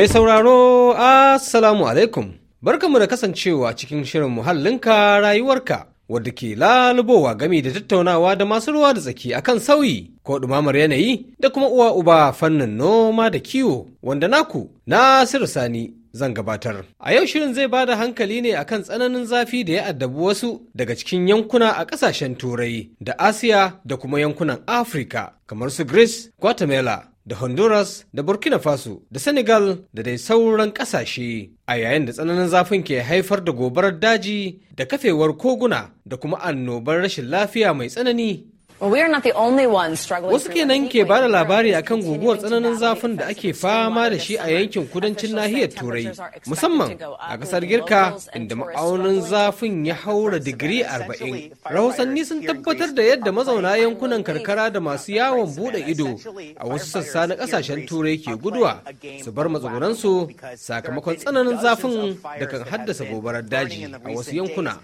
Mai sauraro, Assalamu alaikum. Barkanmu da kasancewa cikin shirin muhallinka rayuwarka wadda ke lalubowa gami da tattaunawa da masu ruwa da tsaki akan sauyi ko ɗumamar yanayi da kuma uwa uba fannin noma da kiwo wanda naku Nasiru Sani zan gabatar. A yau shirin zai bada hankali ne akan tsananin zafi da ya addabi wasu daga cikin yankuna a ƙasashen Turai da Asiya da kuma yankunan Afrika, kamar su Greece, Guatemala, da Honduras, da Burkina Faso, da Senegal da dai sauran ƙasashe. A yayin da tsananin zafin ke haifar da gobarar daji da kafewar koguna da kuma annobar rashin lafiya mai tsanani Wasu kenan ke bada labari akan guguwar tsananin zafin da ake fama da shi a yankin kudancin nahiyar Turai, musamman a kasar Girka inda ma'aunin zafin ya haura digiri 40. Rahusanni sun tabbatar da yadda mazauna yankunan karkara da masu yawon bude ido a wasu sassa na kasashen Turai ke guduwa su bar matsugunansu sakamakon tsananin zafin da kan haddasa gobarar daji a wasu yankuna.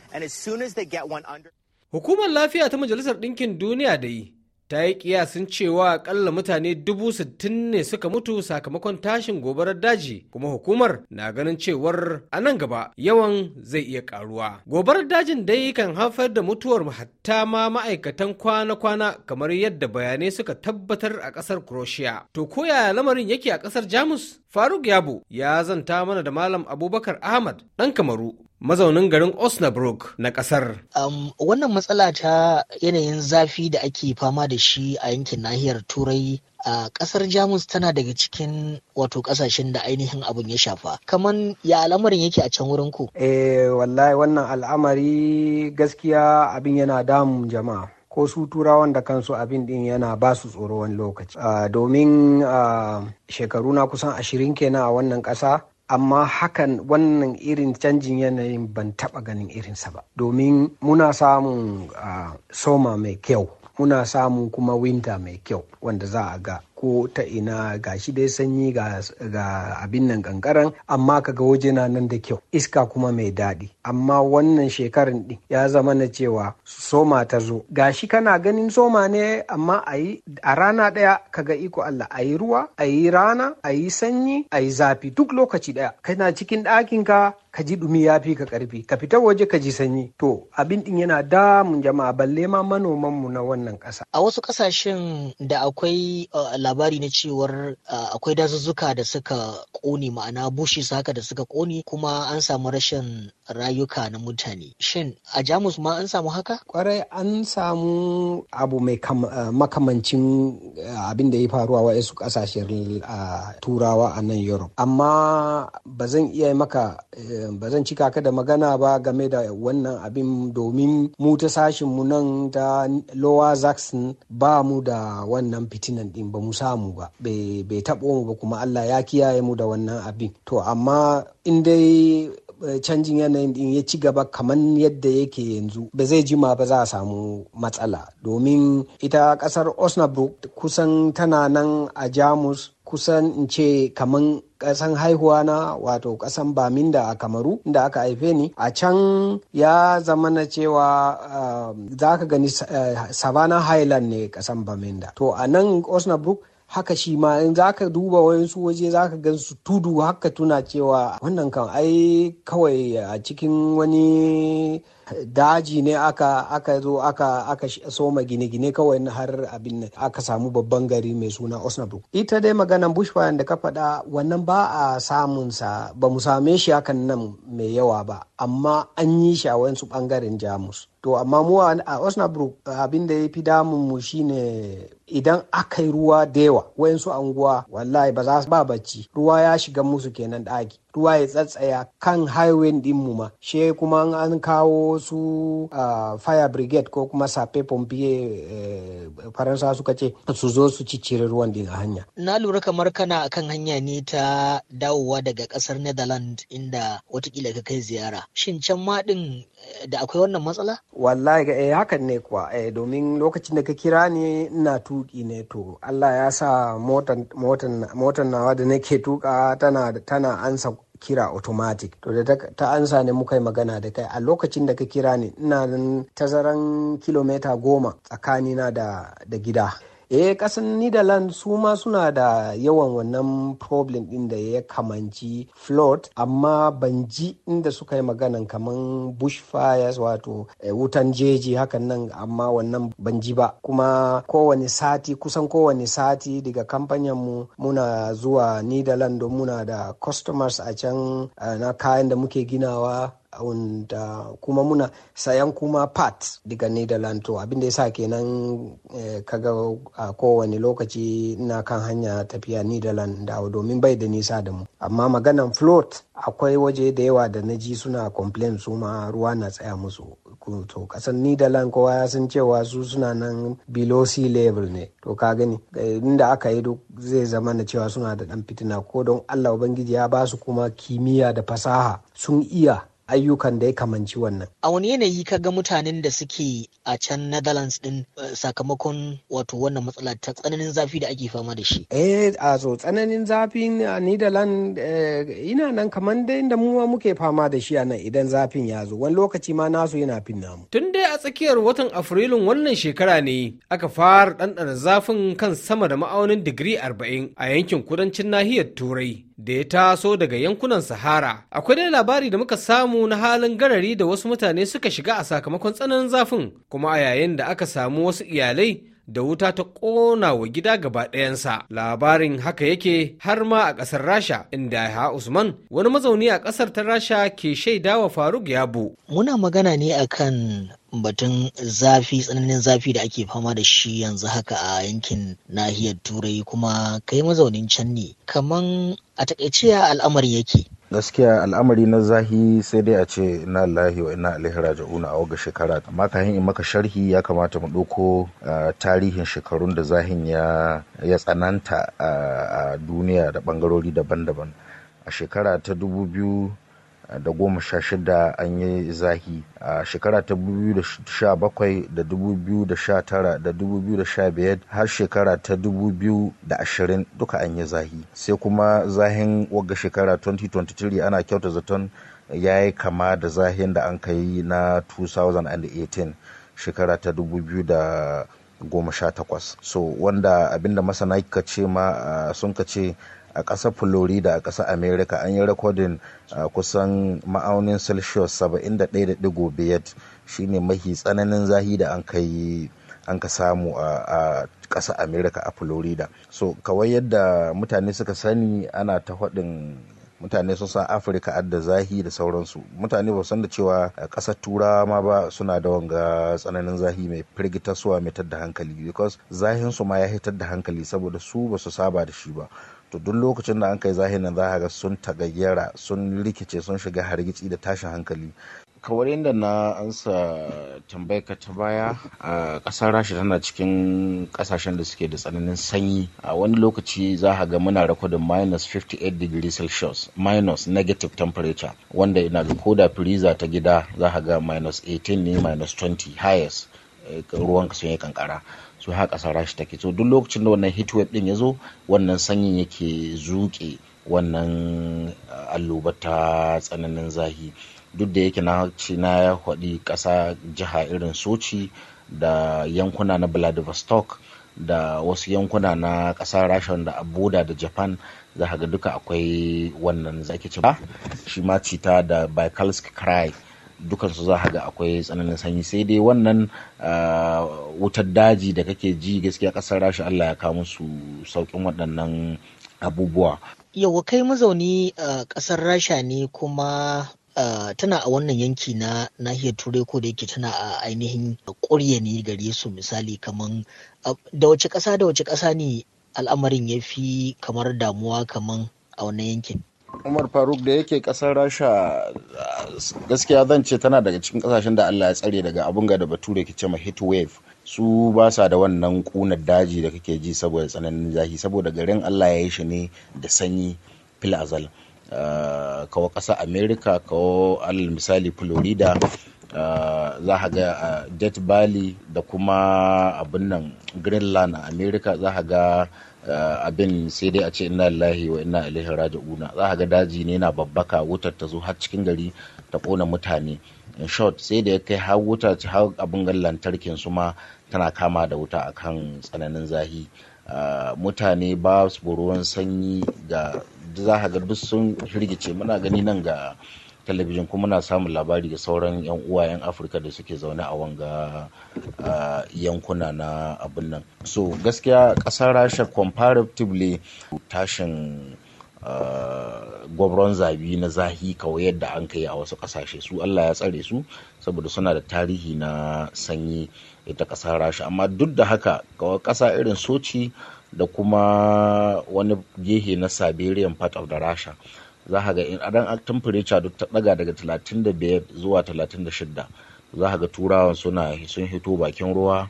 Hukumar lafiya ta Majalisar Ɗinkin Duniya da yi ta yi kiyasin cewa akalla mutane dubu sittin ne suka mutu sakamakon tashin gobarar daji kuma hukumar na ganin cewar a nan gaba yawan zai iya karuwa gobarar dajin dai kan haifar da mutuwar hatta ma ma'aikatan kwana-kwana kamar yadda bayanai suka tabbatar a kasar croatia to koya lamarin yake a kasar jamus Faruk Yabo ya zanta mana da Malam Abubakar Ahmad ɗan Kamaru mazaunin garin Osnabrück na ƙasar. Um, wannan matsala ta yanayin zafi da ake fama da shi a yankin nahiyar Turai a uh, ƙasar Jamus tana daga cikin wato ƙasashen da ainihin abin ya shafa. Kaman ya al'amarin yake a can wurin ku? Eh wallahi wannan al'amari gaskiya abin yana damun jama'a. ko su turawan da kansu abin din yana ba su tsoro wani lokaci ah, domin ah, shekaru na kusan ashirin kenan a wannan ƙasa amma hakan wannan irin canjin yanayin ban taɓa ganin irinsa ba domin muna samun ah, soma mai kyau muna samun kuma winter mai kyau wanda za a ga ko ta ina ga shi dai sanyi ga abin nan kankaran amma kaga waje na nan da kyau iska kuma mai daɗi amma wannan shekarun ɗin ya zama na cewa soma ta zo ga shi kana ganin soma ne amma a yi a rana ɗaya kaga iko Allah a yi ruwa a yi rana a yi sanyi a yi zafi duk lokaci ɗaya kana cikin ɗakin ka ji dumi ya fi ka karfi ka fita waje ka ji sanyi to abin ɗin yana damun jama'a balle ma manoman mu na wannan ƙasa a wasu ƙasashen da akwai uh, labari na cewar ah, akwai dazuzzuka da suka ƙone ma'ana bushe haka da suka ƙone kuma an samu rashin rayuka na mutane shin a jamus ma an samu haka kwarai an samu abu mai ah, makamancin ah, abin da ya faruwa wa su kasashen turawa a nan europe amma ba zan iya maka eh, ba zan cika ka da magana ba game da wannan abin domin mu ta sashin mu nan ta lower zaxon ba mu da wannan fitinan din ba mu samu ba bai taɓo mu ba kuma allah ya kiyaye mu da wannan abin to amma in dai eh, canjin yanayin din ya ci gaba kamar yadda yake yanzu ba zai jima ba za a samu matsala domin ita kasar osnabrück kusan tana nan a jamus kusan in ce kaman kasan haihuwa na wato kasan baminda a kamaru da aka haife ni a can ya zama na cewa um, za ka gani eh, savannah highland ne kasan baminda to a nan osnabrook haka shi ma in za ka duba wayansu waje za ka gan su tudu haka tuna cewa wannan kan ai kawai a cikin wani daji ne aka aka zo aka aka soma gine-gine kawai har abin aka samu babban gari mai suna osnabrück ita dai maganan bushfire da ka faɗa wannan ba a samun sa ba mu same shi hakan nan mai yawa ba amma an yi shi a wasu bangaren jamus to amma mu a osnabrück abin da ya fi damun mu shine idan aka yi ruwa da yawa wayansu anguwa wallahi ba za su ba bacci ruwa ya shiga musu kenan ɗaki ruwa ya tsatsaya kan highway mu ma she kuma an kawo su fire brigade ko kuma sape pompier eh, faransa suka ce su zo su cicire ruwan din hanya na lura kamar kana kan hanya ne ta dawowa daga kasar netherlands inda watakila ka kai ziyara shin can ma din eh, da akwai wannan matsala wallahi eh hakan ne kuwa eh domin lokacin da ka kira ni ina tuki ne to Allah ya sa motan motan motan nawa da nake tuka tana tana ansa kira automatic to da ta ansa ne muka yi magana da kai a lokacin da ka kira ni ina tazaran kilomita goma tsakanina da gida eh kasan netherlands su ma suna da yawan wannan problem din da ya kamanci flood amma ban ji inda suka yi maganan kaman bushfires wato eh, wutan jeji hakan nan amma wannan ban ji ba kuma kowane sati kusan kowane sati daga kamfanin mu muna zuwa netherlands don muna da customers a can eh, na kayan da muke ginawa wanda kuma muna sayan kuma part daga netherlands to abinda ya sa kenan eh, kaga a kowane lokaci na kan hanya tafiya netherlands dawo domin bai da nisa da mu amma maganan float akwai waje da yawa da na ji suna complain su ma ruwa na tsaya musu to kasan netherlands kowa ya san cewa su suna nan below sea level ne to ka gani eh, inda aka yi duk zai zama na cewa suna da dan fitina ko don allah ubangiji ya ba su kuma kimiyya da fasaha sun iya ayyukan da ya kamanci wannan. A wani yanayi ka ga mutanen da suke a can Netherlands din eh, sakamakon wato wannan matsala ta tsananin zafi da ake fama da shi. Eh a so tsananin zafi a Netherlands eh, ina nan kamar dai da mu muke fama da shi a idan zafin ya zo wani lokaci ma nasu yana fin namu. Tun dai a tsakiyar watan Afrilun wannan shekara ne aka fara ɗanɗana zafin kan sama da ma'aunin digiri arba'in a yankin kudancin nahiyar Turai. da ya taso daga yankunan Sahara. Akwai dai labari da muka samu na halin garari da wasu mutane suka shiga a sakamakon tsananin zafin, kuma a yayin da aka samu wasu iyalai da wuta ta ƙona wa gida gaba ɗayansa labarin haka yake har ma a ƙasar rasha inda ha usman wani mazauni a ƙasar ta rasha ke shaida wa faruk yabo muna magana ne a kan batun zafi tsananin zafi da ake fama da shi yanzu haka a yankin nahiyar turai kuma kai mazaunin can ne kaman a takaice al'amari yake gaskiya al'amari na zahi sai dai a ce na lahi wa ina alaihi raji'una a waga shekara amma kahin in maka sharhi ya kamata mu ɗauko tarihin shekarun da zahin ya tsananta a duniya da ɓangarori daban-daban a shekara ta dubu biyu da goma sha shida an yi zahi a shekara ta biyu da sha bakwai da dubu biyu da sha tara da dubu biyu da sha biyar har shekara ta dubu biyu da ashirin duka an yi zahi sai kuma zahin waga shekara 2023 ana kyauta zaton ya yi kama da zahin da an kai na 2018 shekara ta dubu biyu da goma sha takwas so wanda abinda masana ka ce ma sun ka ce a ƙasar florida a ƙasar america an yi rikodin uh, kusan ma'aunin celsius 71.5 shine mahi tsananin zahi da an kai an ka samu a ƙasar america a florida so kawai yadda mutane suka sani ana ta faɗin mutane sun san afirka adda zahi da sauransu mutane ba san da cewa eh, ƙasar tura ma ba suna da wanga tsananin zahi mai firgitaswa mai tadda hankali because zahin su ma ya hitar da hankali saboda su ba su saba da shi ba to duk lokacin da an kai nan za ga sun tagayyara sun rikice sun shiga hargitsi da tashin hankali kawar yadda na ansa tambayar ka ta baya a ƙasar rasha tana cikin ƙasashen da suke da tsananin sanyi a wani lokaci za a ga muna rakodin minus 58 degree celsius minus negative temperature wanda ina da koda freezer ta gida za a ga minus 18 ne minus 20 highest eh, ruwan sun yi kankara su ha ƙasar rasha take so duk lokacin da wannan wave din ya zo wannan sanyin yake zuƙe wannan eh, allubata ta tsananin zahi duk da yake na ce na ya haɗi ƙasa jiha irin sochi da yankuna na vladivostok da wasu yankuna na ƙasar rasha da abuda da japan za ga duka akwai wannan zaki ci. ba shi ma cita da baikalsk cry dukansu za ga akwai tsananin sanyi sai dai wannan ah, wutar daji da kake ji gaskiya ƙasar rasha allah ya kawo musu sauƙin waɗannan abubuwa yau kai mazauni a ah, ƙasar rasha ne kuma tana a wannan yanki na nahiyar turai ko da yake tana a ainihin ƙurya ne gare su misali kamar da wace ƙasa da wace ƙasa ne al'amarin ya fi kamar damuwa kamar a wannan yankin umar faruk da yake ƙasar rasha gaskiya zan ce tana daga cikin kasashen da allah ya tsare daga abun ga da bature ke cema ma hit wave su ba sa da wannan kunar daji da kake ji saboda tsananin zafi saboda garin allah ya yi shi ne da sanyi fil azal Ah, kawo ƙasa america kawo alal misali florida uh, za a ga uh, ah, death valley da kuma abin nan greenland a america za a ga Uh, abin sai dai a ce ina lahi wa ina ilaihi raji'una za ga daji ne na babbaka wutar ta zo har cikin gari ta kona mutane in short sai da ya kai har wuta har abin gan lantarkin su ma tana kama da wuta akan tsananin zahi uh, mutane ba su ruwan sanyi ga za ka ga duk sun hirgice muna gani nan ga talabijin kuma muna samun labari ga sauran 'yan uwa 'yan afirka da suke zaune a wanga yankuna na abin nan so gaskiya kasar rasha comparatively tashin gwabron zabi na zahi kawai yadda an kai a wasu ƙasashe su allah ya tsare su saboda suna da tarihi na sanyi ita ƙasar rasha amma duk da haka kawai kasa irin soci da kuma wani gehe na siberian part of the russia za ga in adan temperature duk ta daga daga 35 zuwa 36 za ga turawan suna sun hito bakin ruwa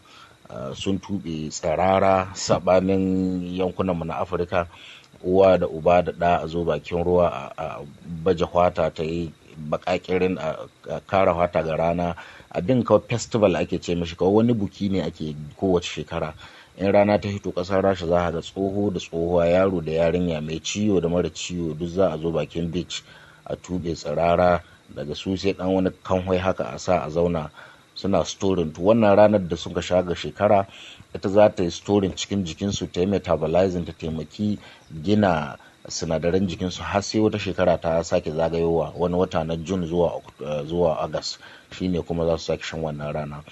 ah, sun tuɓe tsirara sabanin yankunanmu na afirka uwa da uba da ɗa a zo bakin ruwa a baje hwata ta yi bakakirin a kara hwata ga rana abin kawai festival ake ce mashi, kawai wani buki ne ake kowace shekara in rana ta hito ƙasar rasha za a ga tsoho da tsohuwa yaro da yarinya mai ciwo da mara ciwo duk za a zo bakin beach a tube tsirara daga su sai dan wani kanhoi haka a sa a zauna suna storin to wannan ranar da suka shaga shekara ita za ta yi storin cikin jikinsu ta yi metabolizing ta taimaki gina sinadaran jikinsu har sai wata shekara ta sake zagayowa wani wata na jun zuwa agas shine kuma za su sake shan wannan rana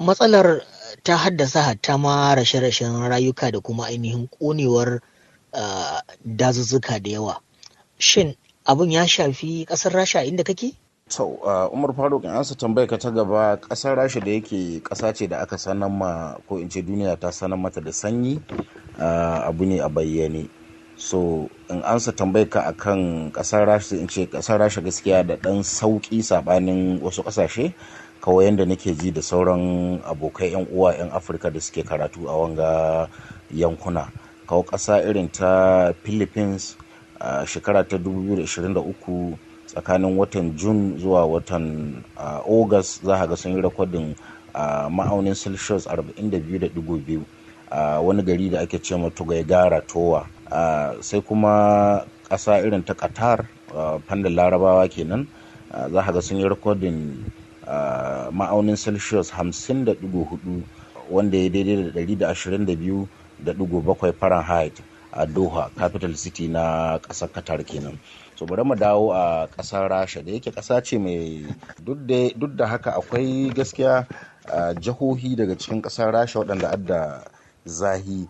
matsalar eh, ta haddasa hatta ma rashe-rashen rayuka da kuma ainihin konewar eh, dazuzzuka da yawa shin abin ya shafi kasar rasha inda kake sau eh, umar faruk in ansa tambaya ka ta gaba kasar rasha da yake kasa ce da aka sanar ma ko in ce duniya ta sanar mata da sanyi abu ne a bayyane so in ansa tambayaka ka kan kasar rasha in ce kasar rasha gaskiya da dan sauki sabanin wasu kasashe kawai yadda nake ji da sauran abokai 'yan uwa 'yan afirka da suke karatu a wanga yankuna kawo ƙasa irin ta philippines a shekara ta 2023 tsakanin watan jun zuwa watan august za ga sun yi rekodin ma'aunin celsius 42.2 wani gari da ake ce gara towa sai kuma ƙasa irin ta qatar fannin larabawa kenan za ga sun yi rekodin ma'aunin celsius 50.4 wanda ya daidai da da 122.7 fahrenheit a doha capital city na ƙasar qatar kenan so bari mu dawo a ƙasar rasha da yake ƙasa ce mai duk da haka akwai gaskiya jihohi daga cikin ƙasar rasha waɗanda adda zahi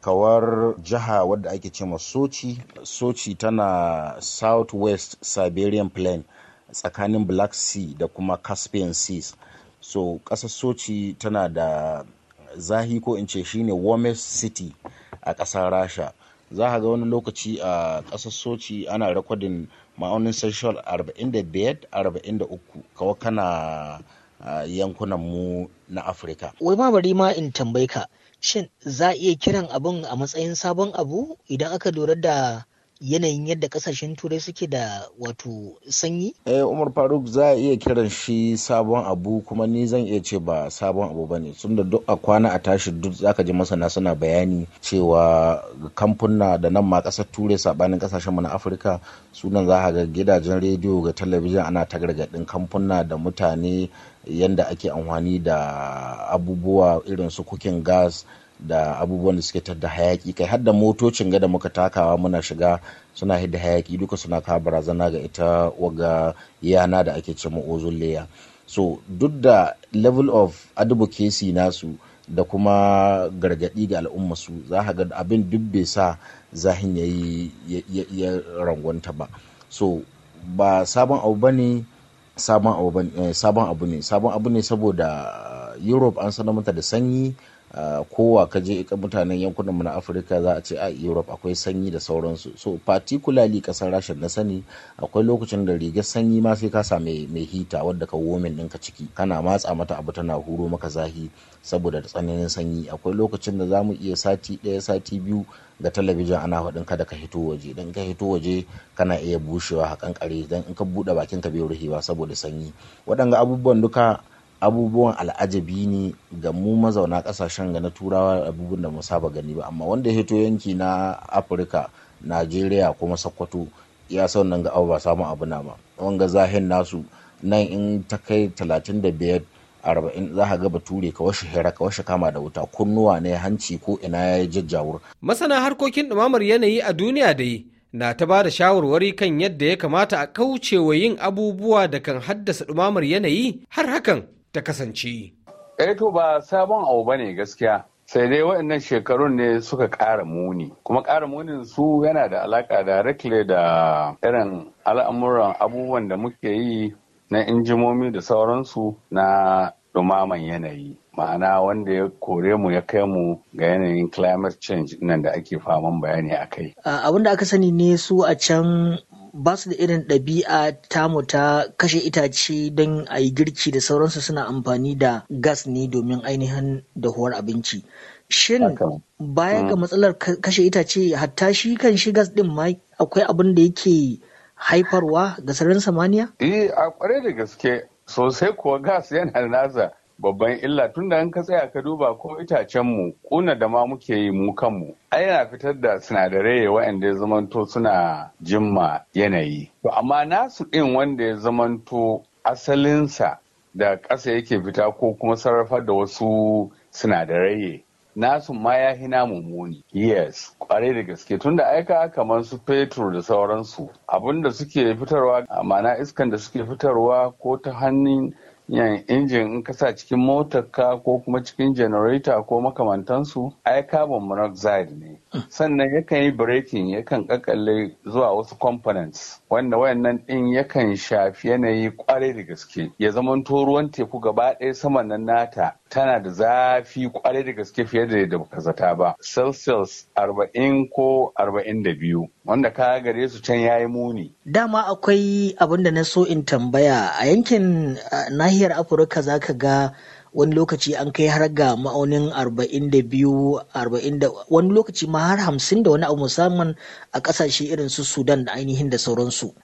kawar jiha wadda ake ce ma sochi sochi tana southwest siberian plain tsakanin black sea da kuma caspian seas so kasassoci tana da zahi ko in ce shine warmest city a ƙasar rasha za a ga wani lokaci a ƙasar ana rekodin ma'aunin sexual 45-43 kawai kana yankunan mu na afirka wai ma bari ma in tambayi ka shin za a iya kiran abin a matsayin sabon abu idan aka lura da yanayin yadda kasashen turai suke da wato sanyi? Eh Umar Faruk za a iya kiran shi sabon abu kuma ni zan iya ce ba sabon abu bane sun da duk a kwana a tashi duk zaka ji masana suna bayani cewa kamfuna da nan ma kasar turai sabanin kasashen mu na Afirka sunan za a ga gidajen rediyo ga talabijin ana ta gargaɗin kamfuna da mutane yanda ake amfani da abubuwa irin su cooking gas da abubuwan da suke tadda hayaki kai har da motocin gada da muka takawa muna shiga suna hidda hayaki duka suna kawo barazana ga ita waga yana da ake ce ma'ozun leya so duk da level of advocacy nasu da kuma gargadi ga al'umma su za ka ga abin duk bai sa zahin ya yi rangwanta ba so ba sabon abu ba ne eh, sabon abu ne sabon abu ne saboda europe an sanar mata da sanyi Ah, kowa ka je mutanen yankunan mu na afirka za a ce a europe akwai sanyi da sauransu so particularly kasar rasha na sani akwai lokacin da rigar sanyi ma sai ka same mai hita wadda ka womin ɗinka ciki kana matsa mata abu tana huro maka zahi saboda tsananin sanyi akwai lokacin da za mu iya sati ɗaya sati biyu ga talabijin ana faɗin kada ka hito waje dan ka hito waje kana iya bushewa a kare dan in ka buɗe bakin ka bai ruhewa saboda sanyi waɗanga abubuwan duka abubuwan al'ajabi ne ga mu mazauna kasashen ga na turawa abubuwan da mu saba gani ba amma wanda hito yanki na afirka najeriya kuma sokoto ya san nan ga abu ba samun abu na ba wanga zahin nasu nan in ta kai 35 arba'in za ka ga bature ka washe hira ka washe kama da wuta kunnuwa ne hanci ko ina ya yi jajjawur. masana harkokin ɗumamar yanayi a duniya dai na ta ba da shawarwari kan yadda ya kamata a kaucewa yin abubuwa da kan haddasa ɗumamar yanayi har hakan ta kasance. Eh to ba sabon abu ne gaskiya sai dai waɗannan shekarun ne suka ƙara muni kuma ƙara munin su yana da alaƙa da da irin al'amuran abubuwan da muke yi na injimomi da sauransu na dumaman yanayi ma'ana wanda ya kore mu ya kai mu ga yanayin climate change nan da ake faman bayani a kai. Abin da aka sani ne su a can ba su da irin ɗabi'a tamu ta kashe itace don a yi girki da sauransu suna amfani da gas ne domin ainihin dahuwar abinci shin baya ga mm. matsalar kashe itace hatta shi kan shi gas ɗin ma akwai abin da yake haifarwa ga sararin samaniya? eh a kware da gaske sosai kuwa gas yana nasa babban illa tunda in ka tsaya ka duba ko itacen mu kuna da ma muke yi mu kanmu ai yana fitar da sinadarai waanda ya zamanto suna jimma yanayi to amma nasu ɗin wanda ya zamanto asalinsa da ƙasa yake fita ko kuma sarrafar da wasu sinadarai nasu ma ya hina mummuni yes kwarai da gaske tunda aika kamar su fetur da sauransu abinda suke fitarwa ma'ana iskan da suke fitarwa ko ta hannun yan injin in ka cikin motar ka ko kuma cikin janareta ko makamantansu ai carbon monoxide ne sannan yakan yi breaking yakan kakalle zuwa wasu components wanda wayannan din yakan shafi yanayi kwarai da gaske ya zama ruwan teku gaba ɗaya saman nan nata tana da zafi kwarai da gaske fiye da yadda muka zata ba celsius arba'in ko arba'in da biyu wanda ka gare su can yayi muni dama akwai abin da na so in tambaya a yankin nahiyar afirka zaka ga wani lokaci an kai har ga ma'aunin 42 wani lokaci ma har 50 da wani abu musamman a kasashe irin su sudan da ainihin da sauransu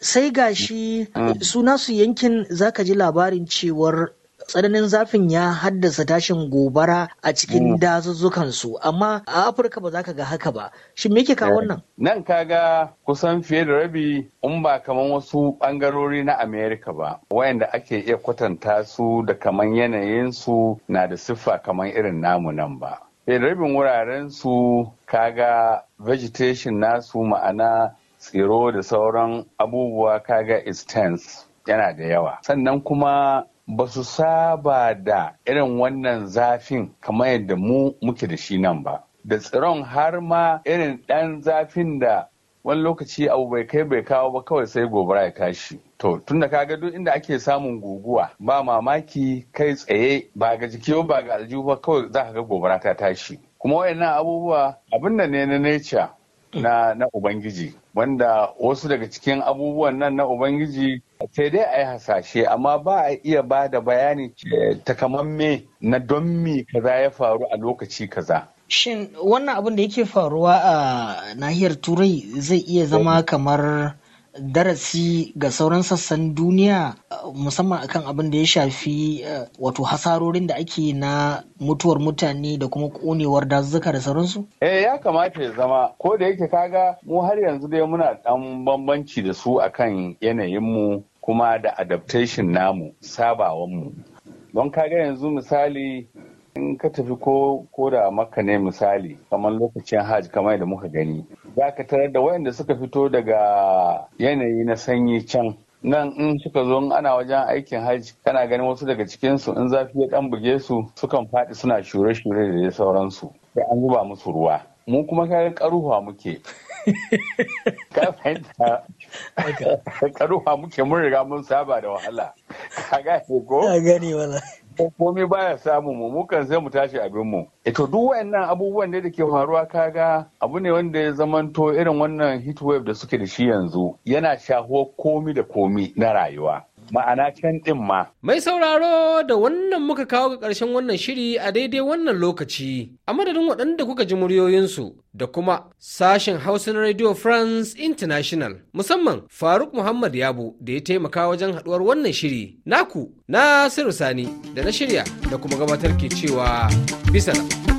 sai ga shi mm. suna su yankin zaka ji labarin cewar tsananin zafin ya haddasa tashin gobara a cikin mm. dazuzzukan su amma a Afirka ba za ka ga haka ba shi me ke kawo eh, wannan nan kaga kusan fiye da rabi in ba kaman wasu bangarori na Amerika ba wayanda ake iya kwatanta su da kaman yanayin su na da siffa kaman irin namu nan ba fiye da rabin wuraren su kaga vegetation nasu ma'ana tsiro da sauran abubuwa kaga extends yana da yawa sannan kuma ba su saba da irin wannan zafin kamar yadda mu muke da shi nan ba da tsiron har ma irin ɗan zafin da wani lokaci abu bai kai bai kawo ba kawai sai gobara ya tashi to tun da kaga duk inda ake samun guguwa ba mamaki kai tsaye ba ga jiki ba ga aljihu ba kawai za ka ga gobara ta tashi kuma wayannan abubuwa abin da ne na nature na, na Ubangiji, wanda wasu daga cikin abubuwan nan na Ubangiji sai dai a yi hasashe, amma ba a iya ba da bayani takamamme na don mi kaza ya faru a lokaci kaza. Shin wannan abin da yake faruwa a nahiyar Turai zai iya zama eh. kamar darasi ga sauran sassan duniya musamman akan abin da ya shafi eh, wato hasarorin da ake na mutuwar mutane da kuma konewar dazuzzuka da sauransu? Eh ya kamata ya zama ko da yake kaga mu har yanzu dai muna dan bambanci da su akan yanayin mu kuma da adaptation namu sabawanmu. Don kaga yanzu misali in ka tafi ko ko da makka ne misali kamar lokacin hajj kamar da muka gani za ka tarar da wayanda suka fito daga yanayi na sanyi can nan in suka zo ana wajen aikin hajji kana ganin wasu daga cikinsu in zafi ya dan buge su sukan faɗi suna shure-shure da dai sauransu sai an zuba musu ruwa mu kuma kayan karuwa muke ka fahimta karuwa muke mun riga mun saba da wahala ka gane wala komai baya samu mu mukan zai mu tashi abin mu eh, To duk wayannan abubuwan ne da ke faruwa kaga abu ne wanda ya zamanto irin wannan heat wave da suke da shi yanzu yana shahuwa komi da komi na rayuwa ma'ana can ɗin ma. Mai sauraro da wannan muka kawo ga ƙarshen wannan shiri a daidai wannan lokaci, a madadin waɗanda kuka ji muryoyinsu da kuma sashen hausin Radio France International, musamman Faruk Muhammad Yabo da ya taimaka wajen haɗuwar wannan shiri. Naku, Nasiru Sani da na shirya da kuma gabatar ke cewa bisa